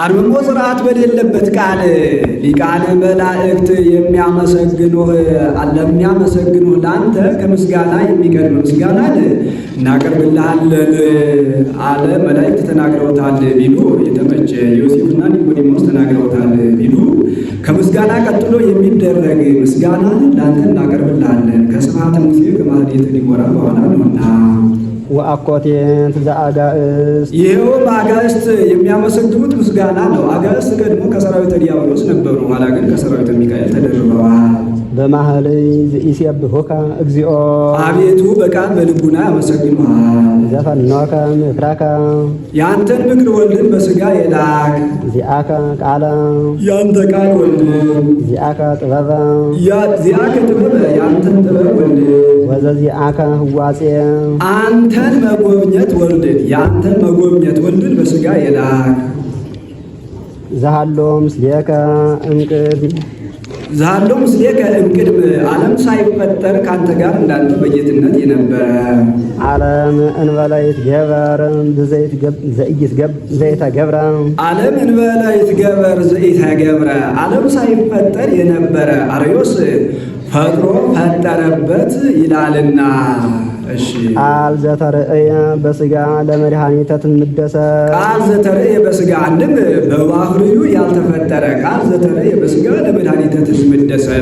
አርምሞ ስርዓት በሌለበት ቃል ሊቃነ መላእክት የሚያመሰግኑህ ለሚያመሰግኑህ ለአንተ ከምስጋና የሚቀድም ምስጋናን እናቀርብልሃለን አለ መላእክት ተናግረውታል ቢሉ የተመቸ ዮሴፍና ኒቆዲሞስ ተናግረውታል ቢሉ ከምስጋና ቀጥሎ የሚደረግ ምስጋና ለአንተ እናቀርብልሃለን ከስብሐተ ሙሴ ከማኅሌተ ዲቦራ በኋላ ነውና ወአኮቴት ዘአጋእስት ይኸውም አጋእስት የሚያመሰግኑት ምስጋና ነው። አጋእስት ቀድሞ ከሰራዊተ ዲያብሎስ ነበሩ፣ ኋላ ግን ከሰራዊተ ሚካኤል ተደርበዋል። በማህለይ ዘኢሴብሑከ እግዚኦ አቤቱ በቃል በልቡና ያመሰግኑሃል። ዘፈኖከ ምክራከ ያንተን ምክር ወልድን በስጋ የላክ ዚአከ ቃለ ያንተ ቃል ወልድን ዚአከ ጥበበ ዚአከ ጥበበ ያንተን ጥበብ ወልድን ወዘዚአከ ህዋጼ አንተ አንተን መጎብኘት ወልድን ያንተን መጎብኘት ወልድን በስጋ የላክ ዛሃሎም ስሌከ እምቅድም ዛሃሎም ስሌከ እምቅድም ዓለም ሳይፈጠር ካንተ ጋር እንዳንተ በጌትነት የነበረ ዓለም እንበለ ይትገበር ብዘይት ዘይተ ገብረ ዓለም እንበለ ይትገበር ዘይተ ገብረ ዓለም ሳይፈጠር የነበረ አርዮስ ፈጥሮ ፈጠረበት ይላልና ቃል ዘተርእየ በስጋ ለመድኃኒተ ትምደሰት ቃል ዘተርእየ በስጋ አንድም በባህርዩ ያልተፈጠረ ቃል ዘተርእየ በስጋ ለመድኃኒተ ትምደሰት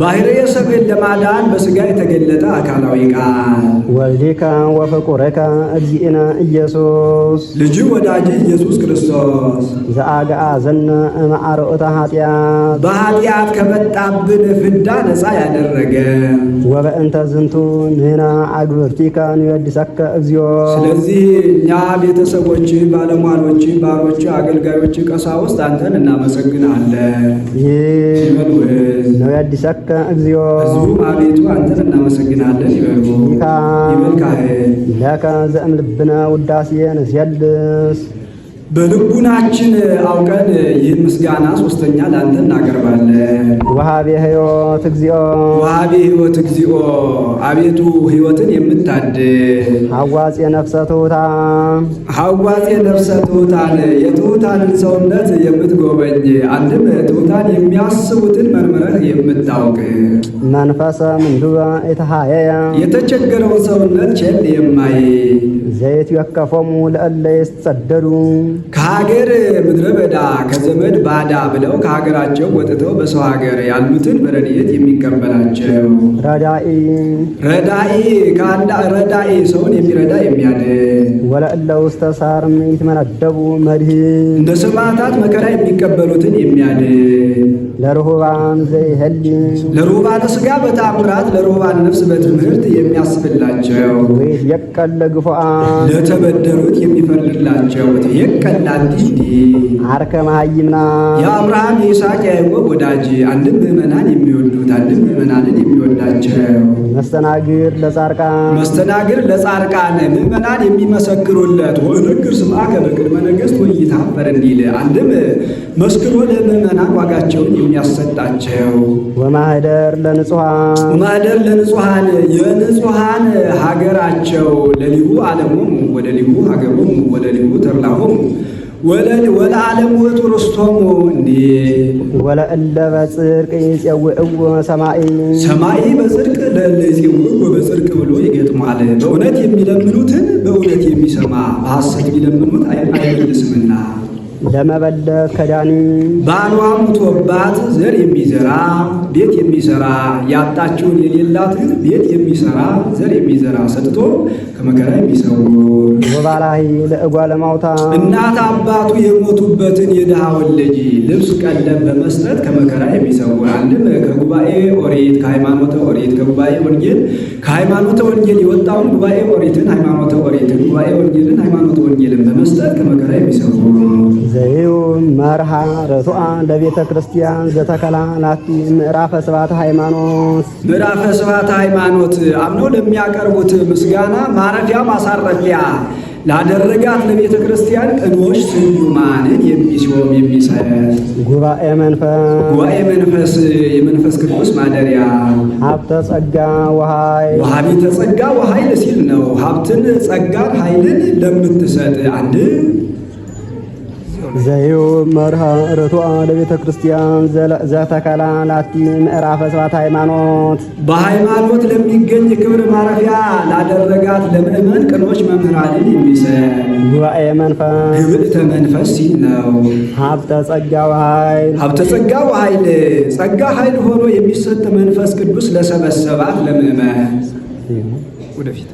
ባህርየ ሰብእን ለማዳን በስጋ የተገለጠ አካላዊ ቃል ወልዲከ ወፍቁርከ እግዚእነ ኢየሱስ ልጅ ወዳጅ ኢየሱስ ክርስቶስ ዘአግአዘነ እምአርዑተ ኃጢአት በኃጢአት ከመጣብን ፍዳ ነፃ ያደረገ ወበእንተ ዝንቱ ምህና አግብርቲከ ንበድሰከ እግዚኦ። ስለዚህ እኛ ቤተሰቦች፣ ባለሟሎች፣ ባሮች፣ አገልጋዮች፣ ቀሳውስት አንተን እናመሰግናለን። ነው ንበድሰከ እግዚኦ። ሕዝቡም አቤቱ አንተን እናመሰግናለን ይበሉ። ይካ ይመልካሄ ለከ ዘእም ልብነ ውዳሴ ንስየልስ በልቡናችን አውቀን ይህን ምስጋና ሶስተኛ ለአንተ እናቀርባለን። ውሃቤ ህይወት እግዚኦ ውሃቤ ህይወት እግዚኦ አቤቱ ህይወትን የምታድ ሐዋጼ ነፍሰ ትሑታን ሐዋጼ ነፍሰ ትሑታን የትሑታንን ሰውነት የምትጎበኝ አንድም ትሑታን የሚያስቡትን መርምረህ የምታውቅ መንፈሰ ምንዱበ የተሃየየ የተቸገረውን ሰውነት ቸል የማይ ዘይት የከፎሙ ለእለ ይስተሰደዱ ከሀገር ምድረ በዳ ከዘመድ ባዳ ብለው ከሀገራቸው ወጥተው በሰው ሀገር ያሉትን በረድኤት የሚቀበላቸው ረዳኢ ረዳኢ ከአንዳ ረዳኢ ሰውን የሚረዳ የሚያድን ወለእለ ውስተ ሳርም ይትመነደቡ መድህን እንደ ሰማዕታት መከራ የሚቀበሉትን የሚያድን ለርሁባን ዘይህሊ ለርሁባን ስጋ በታምራት ለርሁባን ነፍስ በትምህርት የሚያስብላቸው የቀለ ግፉአን ለተበደሉት የሚፈርድላቸው የቀ ከናንቲ አርከ መሃይምና የአብርሃም የይስሐቅ ያዕቆብ ወዳጅ አንድም ምዕመናን የሚወዱት አንድም ምዕመናንን የሚወዳቸው መስተናግር ለጻርቃን መስተናግር ለጻርቃን ምዕመናን የሚመሰክሩለት ወንግር ስምዐከ በቅድመ ነገሥት ወኢይትኀፈር እንዲል አንድም መስክሮ ለምዕመናን ዋጋቸውን የሚያሰጣቸው ወማኅደር ለንጹሐን ወማኅደር ለንጹሐን የንጹሐን ሀገራቸው ለሊሁ ዓለሞሙ ወደ ሊሁ ሀገሮሙ ወደ ሊሁ ተድላሆሙ ወለዓለም ውእቱ ርስቶሙ እንዴ ወለእለ በጽድቅ ይጼውዕዎ ሰማይ ሰማይ በጽድቅ ለእለይጼውዕዎ በጽድቅ ብሎ ይገጥማል። በእውነት የሚለምኑትን በእውነት የሚሰማ በሐሰት የሚለምኑት አይመልስምና ለመበለብ ከዳኒ ባሏ ሙቶባት ዘር የሚዘራ ቤት የሚሰራ ያጣችውን የሌላትን ቤት የሚሰራ ዘር የሚዘራ ሰጥቶ ከመከራ የሚሰውር ወባላይ ለእጓ ለማውታ እናት አባቱ የሞቱበትን የድሃውን ልጅ ልብስ ቀለም በመስጠት ከመከራ የሚሰውር አንድም ከጉባኤ ኦሪት ከሃይማኖተ ኦሪት ከጉባኤ ወንጌል ከሃይማኖተ ወንጌል የወጣውን ጉባኤ ኦሪትን ሃይማኖተ ኦሪትን ጉባኤ ወንጌልን ሃይማኖተ ወንጌልን በመስጠት ከመከራ የሚሰውር ዘይውም መርሃ ረቱአ ለቤተ ክርስቲያን ዘተከላ ላቲ ምዕራፈ ስብሐተ ሃይማኖት ምዕራፈ ስብሐተ ሃይማኖት አምኖ ለሚያቀርቡት ምስጋና ማረፊያ ማሳረፊያ ላደረጋት ለቤተ ክርስቲያን ቅኖች ስዩማንን የሚሾም የሚሰጥ ጉባኤ መንፈስ ጉባኤ መንፈስ የመንፈስ ቅዱስ ማደሪያ ሀብተ ጸጋ ወኃይል ወሀቢተ ጸጋ ወኃይል ሲል ነው። ሀብትን ጸጋን ኃይልን ለምትሰጥ አንድ ዘዩ መርሃ መርሃረቷ ለቤተ ክርስቲያን ዘተከላ ላቲ ምዕራፈ ሰባት ሃይማኖት በሃይማኖት ለሚገኝ ክብር ማረፊያ ላደረጋት ለምእመን ቅኖች መምህራንን የሚሰጥ ጉባኤ መንፈስ ግብዕተ መንፈስ ሲል ነው። ሀብተ ጸጋ ወኃይል ሀብተ ጸጋ ወኃይል ጸጋ ኃይል ሆኖ የሚሰጥ መንፈስ ቅዱስ ለሰበሰባት ለምእመን ወደፊት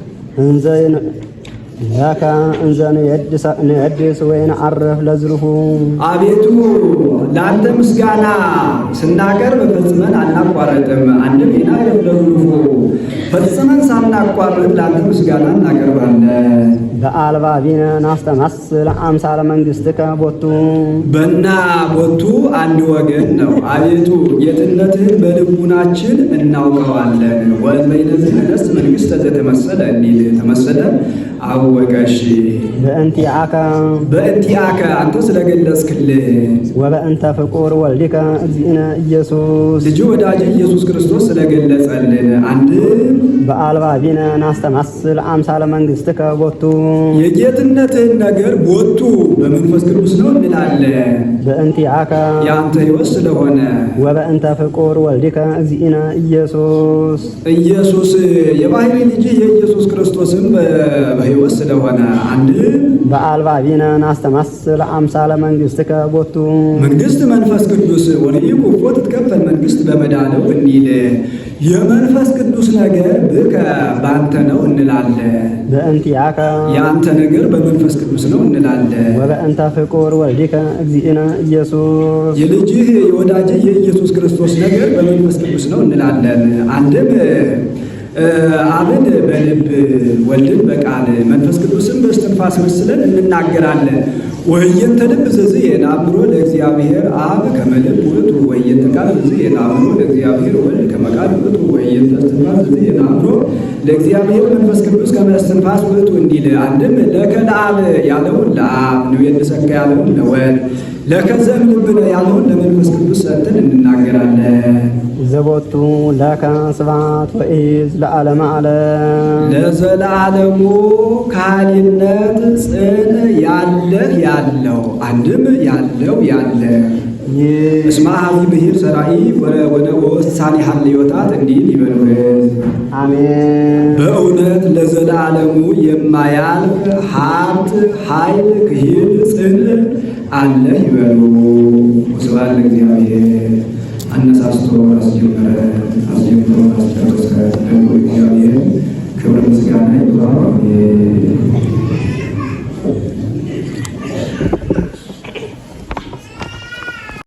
ያካ እንዘን የድስ ወይን አረፍ ለዝርሁ አቤቱ ለአንተ ምስጋና ስናቀርብ ፈጽመን አናቋረጥም። አንድም የናገር ለሁሉ ፈጽመን ሳናቋርጥ ለአንተ ምስጋና እናቀርባለን። በአልባቢነ ናስተማስል ለአምሳለ መንግስት ከቦቱ በና ቦቱ አንድ ወገን ነው። አቤቱ ጌትነትህን በልቡናችን እናውቀዋለን። ወበይነዚህ ነስ መንግስት ተመሰለ እንዲል ተመሰለ አወቀሽ በእንቲአከ በእንቲአከ አንተ ስለገለጽክልን ወበእንተ ፍቁር ወልድከ እግዚእነ ኢየሱስ ልጅ ወዳጅ ኢየሱስ ክርስቶስ ስለገለጸልን አንድ በአልባቢነ ናስተማስል አምሳለ መንግሥትከ ቦቱ የጌትነትህን ነገር ቦቱ በመንፈስ ቅዱስ ነው እንላለን። በእንቲአከ የአንተ ሕይወት ስለሆነ ወበእንተ ፍቁር ወልድከ እግዚእነ ኢየሱስ ኢየሱስ የባህሪ ልጅ የኢየሱስ ክርስቶስም በሕይወት ስለሆነ አንድ በአልባ ቢነን አስተማስል አምሳለ መንግስት ከቦቱ መንግስት መንፈስ ቅዱስ ወንይኩ እኮ ትትከፈል መንግስት በመዳለው እኒል የመንፈስ ቅዱስ ነገር ብከ በአንተ ነው እንላለ በእንቲያከ የአንተ ነገር በመንፈስ ቅዱስ ነው እንላለ ወበእንተ ፍቁር ወልዲከ እግዚእነ ኢየሱስ የልጅህ የወዳጅህ የኢየሱስ ክርስቶስ ነገር በመንፈስ ቅዱስ ነው እንላለን። አንድም አብን በልብ ወልድን በቃል መንፈስ ቅዱስን በስትንፋስ መስለን እንናገራለን። ወይንተ ልብ ዝዝ የናብሮ ለእግዚአብሔር አብ ከመልብ ውእቱ ወይንተ ቃል ዝዝ የናብሮ ለእግዚአብሔር ወልድ ከመቃል ውእቱ ወይንተ ስትንፋስ ዝዝ የናብሮ ለእግዚአብሔር መንፈስ ቅዱስ ከመስትንፋስ ውእቱ እንዲል አንድም ለከለአብ ያለውን ለአብ ነው የንሰካ ያለውን ለወልድ ለከዘም ልብ ያለውን ለመንፈስ ቅዱስ ሰጥተን እንናገራለን። ዘቦቱ ለከ ስብሐት ወኢዝ ለዓለመ ዓለም ለዘለዓለሙ ካህሊነት ጽን ያለህ ያለው አንድም ያለው ያለ እስማ ሀዚ ብሂር ሰራኢ ወነ ወሳኔ ሀል ይወጣት እንዲል ይበልበዝ አሜን። በእውነት ለዘለዓለሙ የማያልፍ ሀብት ኃይል ክሂል ጽን አለህ ይበሉ ስብሐት ለእግዚአብሔር አነሳስቶ አስጀመረ አስጀምሮ አስጨረሰ። ደግሞ እግዚአብሔር ክብር ምስጋና ይግባው።